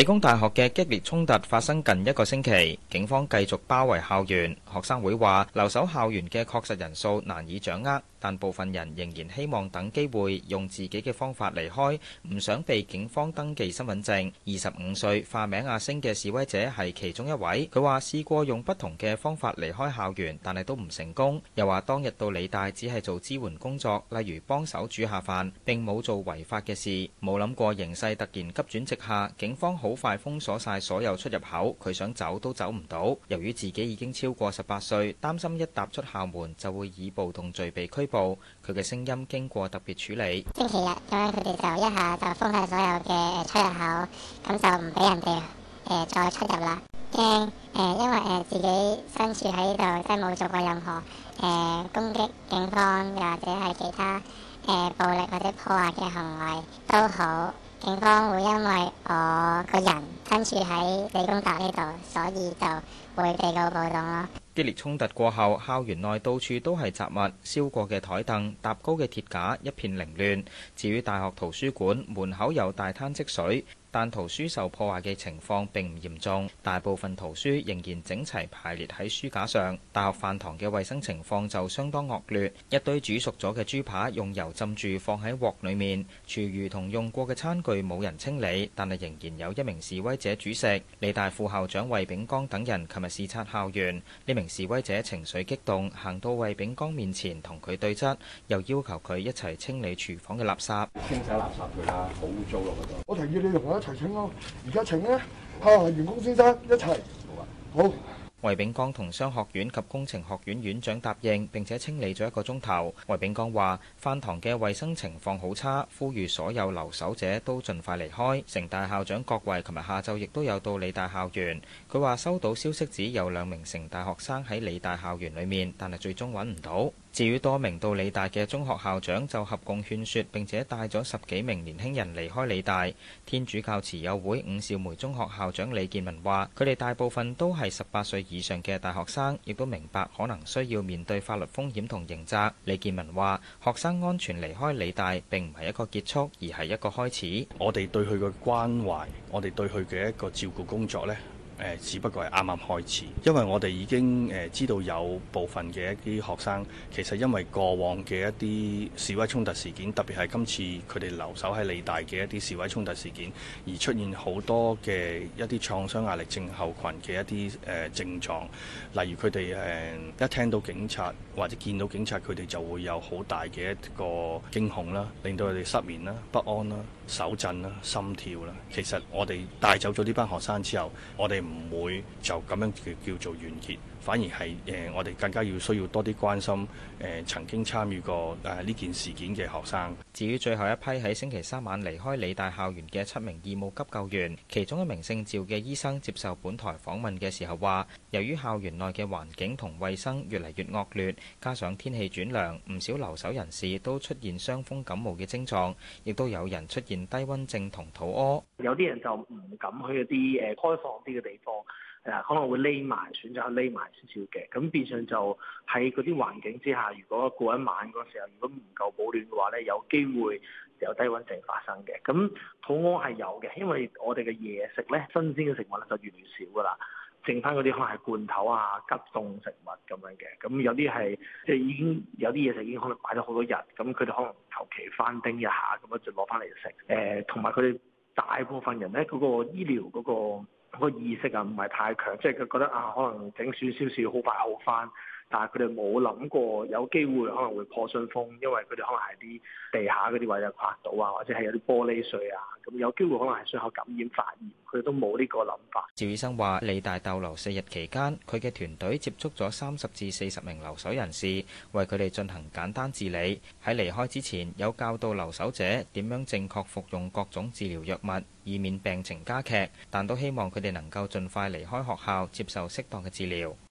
理工大學嘅激烈衝突發生近一個星期，警方繼續包圍校園。學生會話留守校園嘅確實人數難以掌握。但部分人仍然希望等機會用自己嘅方法離開，唔想被警方登記身份證。二十五歲化名阿星嘅示威者係其中一位。佢話試過用不同嘅方法離開校園，但係都唔成功。又話當日到理大只係做支援工作，例如幫手煮下飯，並冇做違法嘅事，冇諗過形勢突然急轉直下，警方好快封鎖曬所有出入口，佢想走都走唔到。由於自己已經超過十八歲，擔心一踏出校門就會以暴動罪被拘。部佢嘅聲音經過特別處理。星期日，咁樣佢哋就一下就封晒所有嘅出入口，咁就唔俾人哋誒、呃、再出入啦。驚誒、呃，因為誒、呃、自己身處喺呢度，即係冇做過任何誒、呃、攻擊警方又或者係其他誒、呃、暴力或者破壞嘅行為都好，警方會因為我個人身處喺理工大呢度，所以就會被告暴動咯。激烈衝突過後，校園內到處都係雜物，燒過嘅枱凳、搭高嘅鐵架，一片凌亂。至於大學圖書館門口，有大灘積水。但圖書受破壞嘅情況並唔嚴重，大部分圖書仍然整齊排列喺書架上。大學飯堂嘅衛生情況就相當惡劣，一堆煮熟咗嘅豬扒用油浸住放喺鑊裡面，廚餘同用過嘅餐具冇人清理，但係仍然有一名示威者煮食。理大副校長衛炳江等人琴日視察校園，呢名示威者情緒激動，行到衛炳江面前同佢對質，又要求佢一齊清理廚房嘅垃圾。清洗垃圾佢啊，好污糟咯！我，我提議你同一齊請咯，而家請咧吓，員工先生一齊好啊。好，衛炳江同商學院及工程學院院長答應，並且清理咗一個鐘頭。衛炳江話：飯堂嘅衛生情況好差，呼籲所有留守者都盡快離開。城大校長郭位今日下晝亦都有到理大校園，佢話收到消息，指有兩名城大學生喺理大校園裏面，但係最終揾唔到。至於多名到理大嘅中學校長就合共勸説，並且帶咗十幾名年輕人離開理大。天主教慈幼會伍少梅中學校長李建文話，佢哋大部分都係十八歲以上嘅大學生，亦都明白可能需要面對法律風險同刑責。李建文話，學生安全離開理大並唔係一個結束，而係一個開始。我哋對佢嘅關懷，我哋對佢嘅一個照顧工作呢。只不過係啱啱開始，因為我哋已經知道有部分嘅一啲學生，其實因為過往嘅一啲示威衝突事件，特別係今次佢哋留守喺理大嘅一啲示威衝突事件，而出現好多嘅一啲創傷壓力症候群嘅一啲誒症狀，例如佢哋誒一聽到警察或者見到警察，佢哋就會有好大嘅一個驚恐啦，令到佢哋失眠啦、不安啦、手震啦、心跳啦。其實我哋帶走咗呢班學生之後，我哋唔會就咁樣叫叫做完結。反而係誒，我哋更加要需要多啲關心誒，曾經參與過誒呢件事件嘅學生。至於最後一批喺星期三晚離開理大校園嘅七名義務急救員，其中一名姓趙嘅醫生接受本台訪問嘅時候話，由於校園內嘅環境同衞生越嚟越惡劣，加上天氣轉涼，唔少留守人士都出現傷風感冒嘅症狀，亦都有人出現低溫症同肚屙。有啲人就唔敢去一啲誒開放啲嘅地方。誒可能會匿埋，選擇匿埋少少嘅，咁變相就喺嗰啲環境之下，如果過一晚嗰時候，如果唔夠保暖嘅話咧，有機會有低溫症發生嘅。咁肚屙係有嘅，因為我哋嘅嘢食咧，新鮮嘅食物咧就越嚟越少噶啦，剩翻嗰啲可能係罐頭啊、急凍食物咁樣嘅。咁有啲係即係已經有啲嘢食已經可能擺咗好多日，咁佢哋可能求其翻叮一下咁樣就攞翻嚟食。誒，同埋佢哋大部分人咧嗰個醫療嗰個。個意識啊，唔係太強，即係佢覺得啊，可能整損少少，好快好翻。但係佢哋冇諗過有機會可能會破傷風，因為佢哋可能係啲地下嗰啲位有刮到啊，或者係有啲玻璃碎啊，咁有機會可能係傷口感染發炎，佢哋都冇呢個諗法。趙醫生話，理大逗留四日期間，佢嘅團隊接觸咗三十至四十名留守人士，為佢哋進行簡單治理。喺離開之前，有教導留守者點樣正確服用各種治療藥物，以免病情加劇。但都希望佢哋能夠盡快離開學校，接受適當嘅治療。